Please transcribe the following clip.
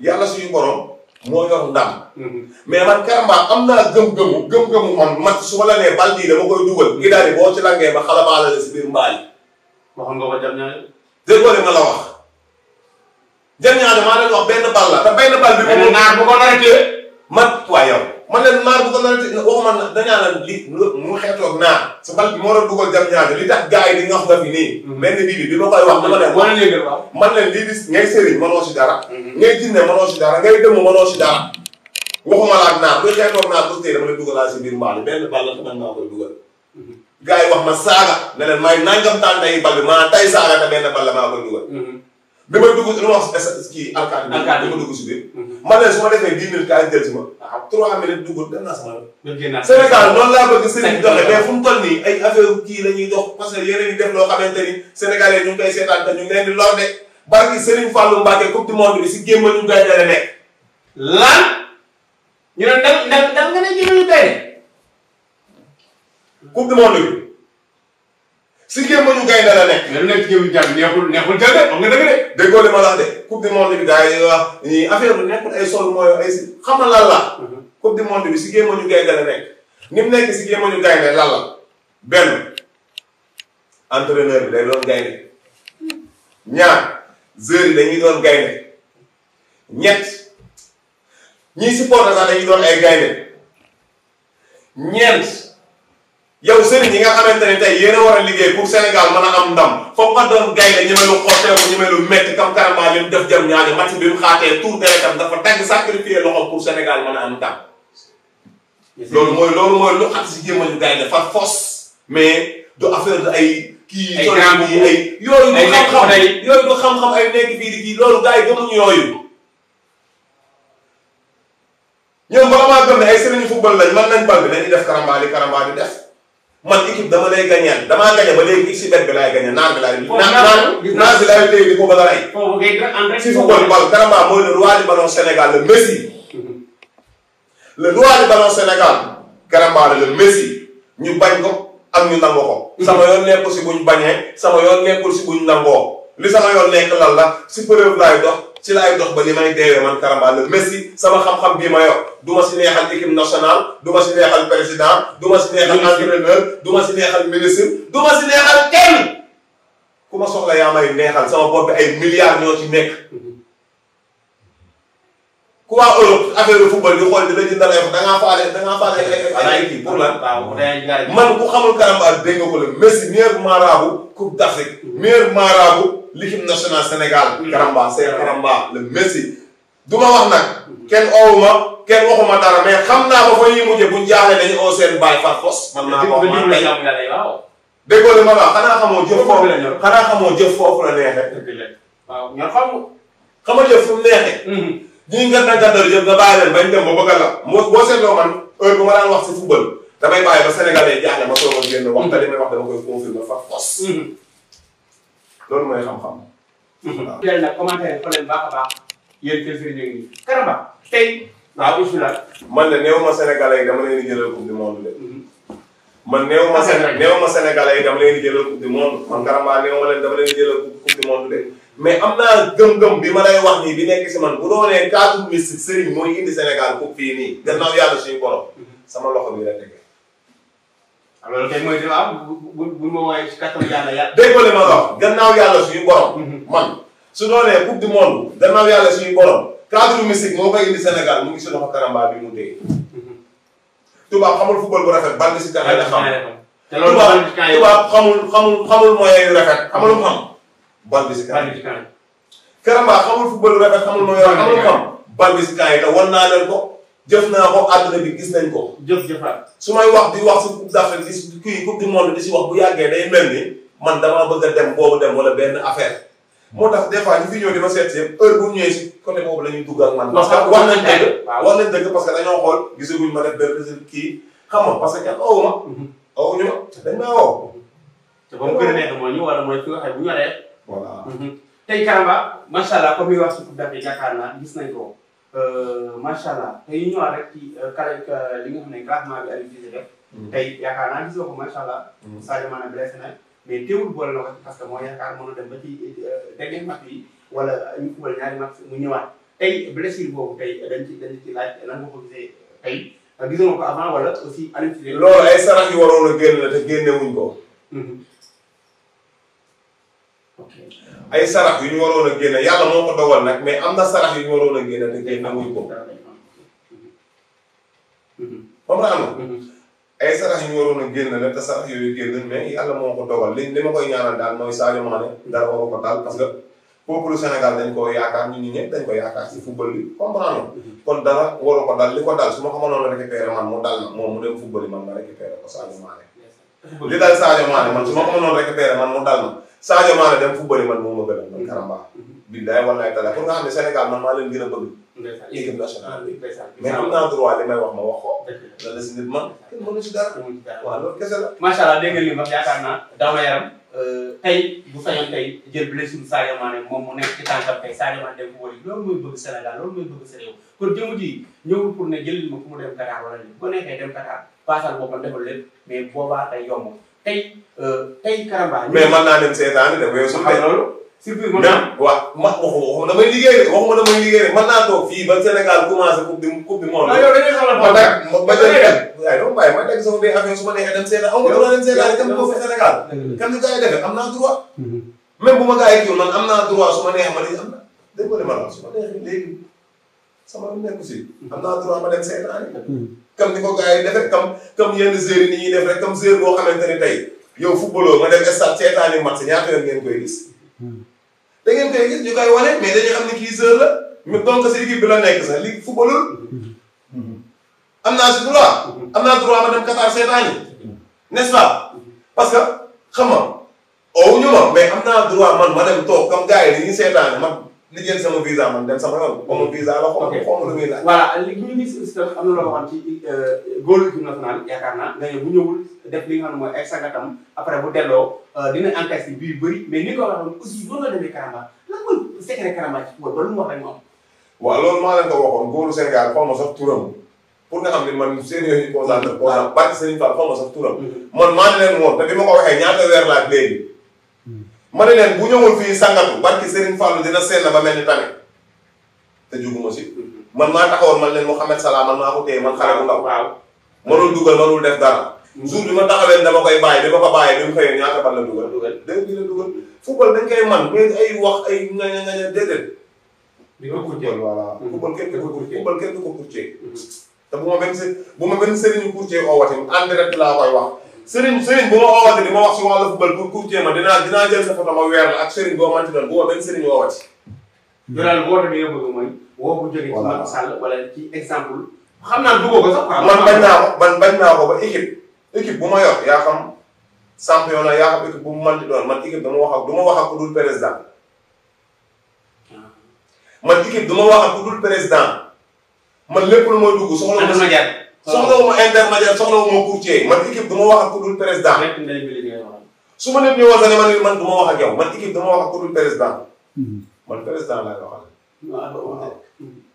yàlla suñu borom moo yor ndam. Mhm. mais man Karamba am naa gëm-gëmu gëm-gëmu man man su ma la nee bal bii dama koy dugal. gi daal di boo ci langee ba xalabaale la si biir mbaal ko jam ma la wax. jam ñaare maa leen wax benn bal la. te benn bal bi. bu ko naree man waaye yow. man leen naar bu ko narati waxuma na dañaa la li mu xeetoog naar sa bal bi moo doon dugal jam ñaar li tax gars yi di nga xam nga fi nii mel mhm. ni bii bi ma koy wax dama leen man leen lii di ngay sëriñ manoo si dara mhm. ngay jinne manoo si dara ngay dëmm manoo si dara waxuma laak naar bu xeetoog naar bos tey dama leen dugalaa si biir mbaal benn bal la ta man maa koy dugal mhm. gars yi wax ma saaga ne leen may nangam taan day bal bi maa tay saaga te benn bal la maa koy dugal bi may dugg relance kii alkaati. alkaati bi ma dugg si biir. Mhm. man de su ma defee dix minutes kaay jël si ma. ah trois minutes dugg dem naa sama yoon. Sénégal noonu laa bëgg sëriñ doxe mais fu mu toll nii ay affaire kii la ñuy dox parce que yeneen yi def loo xamante ni sénégalais ñu ngi koy seetaan te ñu ngi leen di lor de barki Serigne Fallou Mbacke coupe du monde bi si gémb ñu ngi koy dale nekk. lan ñu ne ndax ndax nga ne ñu ngi koy coupe du monde bi. mais lu nekk jiw jàpp neexul neexul jël de am nga dëgg de. déggoo li ma la wax de coupe du monde bi gars yi wax ñii affaire bi nekkul ay sol mooy ay si xamal lan la. Mhm. coupe du monde bi si géemoo ñu gaynde la nekk. ni mu nekk si géemoo ñu gaynde lan la benn entraîneur bi day doon gaynde ñaar joueurs yi dañuy doon gaynde ñett ñii supporter sax dañuy doon ay gaynde ñeent. yow sëriñ yi nga xamante ne tey yéen a war a liggéey pour Sénégal mën a am ndam foog nga doon gaynde ñi melu xotteeku ñi melu kam Karamba leen def jëm ñaari match bi mu xaatee tour deretam dafa dagg sacrifier loxo pour Sénégal mën a am ndam. loolu mooy loolu mooy lu xat si jéemañu gaynde far force mais du affaire de ay. kii yi yooyu du xam-xam yooyu du xam fii di kii loolu gars yi gëmuñu yooyu. ñoom ba maa gëm ne ay sëriñu football lañ mën nañ bal bi dañuy def Karamba li Karamba di def. man équipe dama lay gañeel damaa gañe ba léegi si bet bi laay gañe naan bi laay. foofu naan bi naan bi laay léegi ko bëgg a rey. foofu kay dara si football bal Karamba mooy le roi du ballon Sénégal le Messi. le roi du ballon Sénégal Karamba la le Messi ñu bañ ko ak ñu nangoo ko. sama yoon nekkul si buñ bañee sama yoon nekkul si buñ nangoo li sama yoon nekk lan la si preuve laay dox. ci laay dox ba ni may deewee man Karamba le Messi sama xam-xam bii ma yor du si neexal équipe nationale du si neexal président du si neexal entraîneur du ma si neexal ministre du si neexal kenn ku soxla yaa may neexal sama bopp ay milliards ñoo ci nekk ku waa Europe affaire football di xool di la jëndal ay man ku xamul Karamba dégg nga ko le Messi meilleur marabout coupe d'Afrique meilleur marabout l'équipe nationale Sénégal. Mm. Karamba c'est Karamba le Messi. du ma wax nag. kenn oowu ma kenn waxuma dara mais xam naa ba fa ñuy mujjee buñ jaaxle dañu oo seen bàyyi far fos. man naa ko man tey déggoo li ma la wax xanaa xamoo jëf foofu la xanaa xamoo jëf foofu la neexee. waaw ñoo xamul. xama jëf fu mu neexee. Mm-hmm. ñi nga gàncax jëf nga bàyyi leen bañ dem ba bëgg a la. moo boo seetloo man heure bu ma daan wax si football damay bàyyi ba Sénégalais jaaxle ma soog a génn. Mm-hmm. waxta li may wax dama koy confirmer far loolu mooy xam-xam. waaw yéen nag commentaire bi baax a baax yéen kër Serigne ñu man de néew ma Sénégalais yi dama leen di jëlal coupe du monde mhm. man néew ma Séné néew ma Sénégalais yi dama leen di jëlal coupe du monde man Karamba néew ma leen dama leen di jëlal coupe du monde de. mais am naa gëm-gëm bi ma lay wax nii bi nekk si man bu doonee kaddu mystique Serigne mooy indi Sénégal coupe fii nii gannaaw yàlla suñu borom mhm. sama loxo bi la teg. Ah, loolu kay mooy waaw ah, bu bu ma wooyee si kàttan yàlla yàlla. dégg nga li ma la wax gannaaw yàlla suñu borom. Mhm. man su doonee coupe du monde gannaaw yàlla suñu borom. cadre mystique moo koy indi Sénégal mu ngi si loxo karamba bi mu téye. Mhm. tubaab xamul football bu rafet bal si kanam la xam. te loolu tubaab xamul xamul xamul moyen yu rafet xamul mu xam. bal si kanam bal si kanam. karamba xamul football bu rafet xamul moyen yu rafet xamul mu xam. bal si kanam te wan naa leen ko. jëf naa ko àdduna bi gis nañ ko. jëf jëfaat su may wax di wax si coupe d'Afrique di kii coupe du monde di wax bu yàggee day mel ni man damaa bëgg a dem boobu dem wala benn affaire. moo tax des fois ñu fi ñëw di ma seet si yëpp heure si côté boobu la ñuy dugg ak man. parce que wax nañ dëgg wax nañ dëgg parce que dañoo xool gisaguñ ma def benn kii xam nga parce que kenn owu ma. Mhm. owu ñu ma dañ maa woo. te ba mu gën a nekk mooy ñu wala mooy fi mhm. nga wax si gis nañ ko macha allah tey ñu ñëwaat rek ci li nga xam ne gravement bi Aliou Cissé def. tey yaakaar naa gisoo ko macha allah. Sadio Mané blessé na mais teewul boole na ko ci parce que moo yaakaar mën a dem ba ci dernier match yi wala ñu fubal ñaari match mu ñëwaat tey blessure boobu tey dañ ci dañ ci laaj lan nga ko gisee tey gisoon ko avant wala aussi Aliou Cissé. loolu ay sarax yi waroon a génn la te génne wuñ ko. ok. ay sarax yu ñu waroon a génne yàlla moo ko dogal nag mais am na sarax yu ñu waroon a génne te tey nanguñu ko. comprendre mhm. ay sarax yu ñu waroon a génne la te sarax yooyu génn mais yàlla moo ko dogal li li ma koy ñaanal daal mooy Sadio Mané dara waru ko daal parce que peuple Sénégal dañ ko yaakaar ñun ñi ñëpp dañ ko yaakaar si football bi comprendre mhm. kon dara waru ko daal li ko daal su ma ko mënoon a récupérer man mu daal moom mu dem football man ma récupérer ko Sadio Mané. li daal Sadio Mané man su ma ko mënoon récupérer man mu daal Sadio Mané dem football man moom ma gënal man mhm. Karamba. billaay wallaay talaay pour nga xam ne Sénégal man maa leen gën a bëgg. équipe nationale bi. mais am naa droit li may wax ma wax ko. la la si nit man kenn mënu si dara. waaw loolu kese la. macha allah dégg nga li ma yaakaar naa daw na yaram. Euh, tey bu sañoon tey jël blessure Sadio Mané moom mu nekk ci tànkam tey Sadio Mané dem football yi loolu mooy bëgg Sénégal loolu mooy bëgg sa réew kon jëmu ji ñëwul pour ne jëlil ma fu mu dem Qatar wala li bu ko nekkee dem Qatar paasal boppam defal lépp mais boobaa tey yomb tey euh, tey Karamba. mais mën naa dem seetaan dama yow. xam loolu surtout mën naa waaw ma waxuma damay liggéey rek waxuma damay liggéey rek mën naa toog fii ba Sénégal commencé coupe du coupe du monde. yow dañuy soxla ma ma ma jël waaye ma nekk sama bay affaire su ma neexee dem seetaan aw ma dama dem seetaan kan ko fi Sénégal. Mm-hmm. kan ni gars yi defee am naa droit. Mm-hmm. même bu ma gars yi man am naa droit su ma neexee ma ne am na dégg nga li ma la wax su ma neexee léegi. sama lu nekk si. Hmm. am naa droit ma dem seetaan kam hmm. ni ko gars yi kam kam yenn séer yi ni ñuy def rek kam séer boo xamante ni tey yow footballoo nga dem stade seetaani match ñaata yoon ngeen koy gis. Hmm. da ngeen koy gis ñu koy wane mais dañuy ni kii séer la mais donc si équipe bi la nekk sax li am naa si droit. am naa droit ma dem Qatar seetaani n'est-ce pas parce que xam nga owu ñu ma mais am naa droit man ma dem kam gars yi seetaani man. li jël sama visa man dem sama yoon. ok visa la xool xool lu muy laaj. voilà léegi ñu ngi si tam am na loo xam ci euh, góolu équipe nationale yaakaar naa nga ne bu ñëwul def li nga xam ne mooy ay sagatam après bu euh, dina encaissé bi yu bëri ni ko waxoon aussi loolu la demee Karamba lan mooy secret Karamba ci football ba lu mu wax rek mu am. waaw loolu maa leen ko waxoon góolu Sénégal xaw ma sax turam pour nga xam ne man seen yooyu. waaw waaw posant posant bàcc Serigne Fall xaw ma sax mhm. man maa leen woon te bi ma ma ne leen bu ñëwul fii sàngatu barki Serigne Fallou dina sell ba mel ni tamit te juguma si man maa taxawoon man leen Mouhamed Salah man maa ko téye man xale bu ndaw. waaw mënul dugal mënul def dara. jour bi ma taxawee dama koy bàyyi bi ma ko bàyyee bi mu xëyee ñaata ban la dugal. dugal dugal football dañ man mais ay wax ay nga nga nga déedéet. di ko courtier voilà. Mm-hmm. football kenn du ko courtier football kenn du ko courtier. Mm-hmm. te bu ma benn se bu oo wati en direct laa koy wax. sëriñ sëriñ bu ma woowatee di ma wax si wàllu football pour courtier ma dinaa dinaa jël sa photo ma weer la ak sëriñ boo manti doon bu ma benn sëriñ woowati. ñu daal woote bi nga man bañ naa ko man bañ naa bu ma yor yaa xam champion la yaa xam équipe bu mu manti doon man équipe dama wax ah. du ma wax ak ku dul président. man équipe duma wax ak ku dul ma dugg soxla. soxlawu ma intermédiaire soxlawu ma courtier man équipe du ma wax ak ku dul président. su ma nit ñu woon sax ne man ni man du ma wax ak yow man équipe dama wax ak ku dul président. Hmm. man président laa waxal.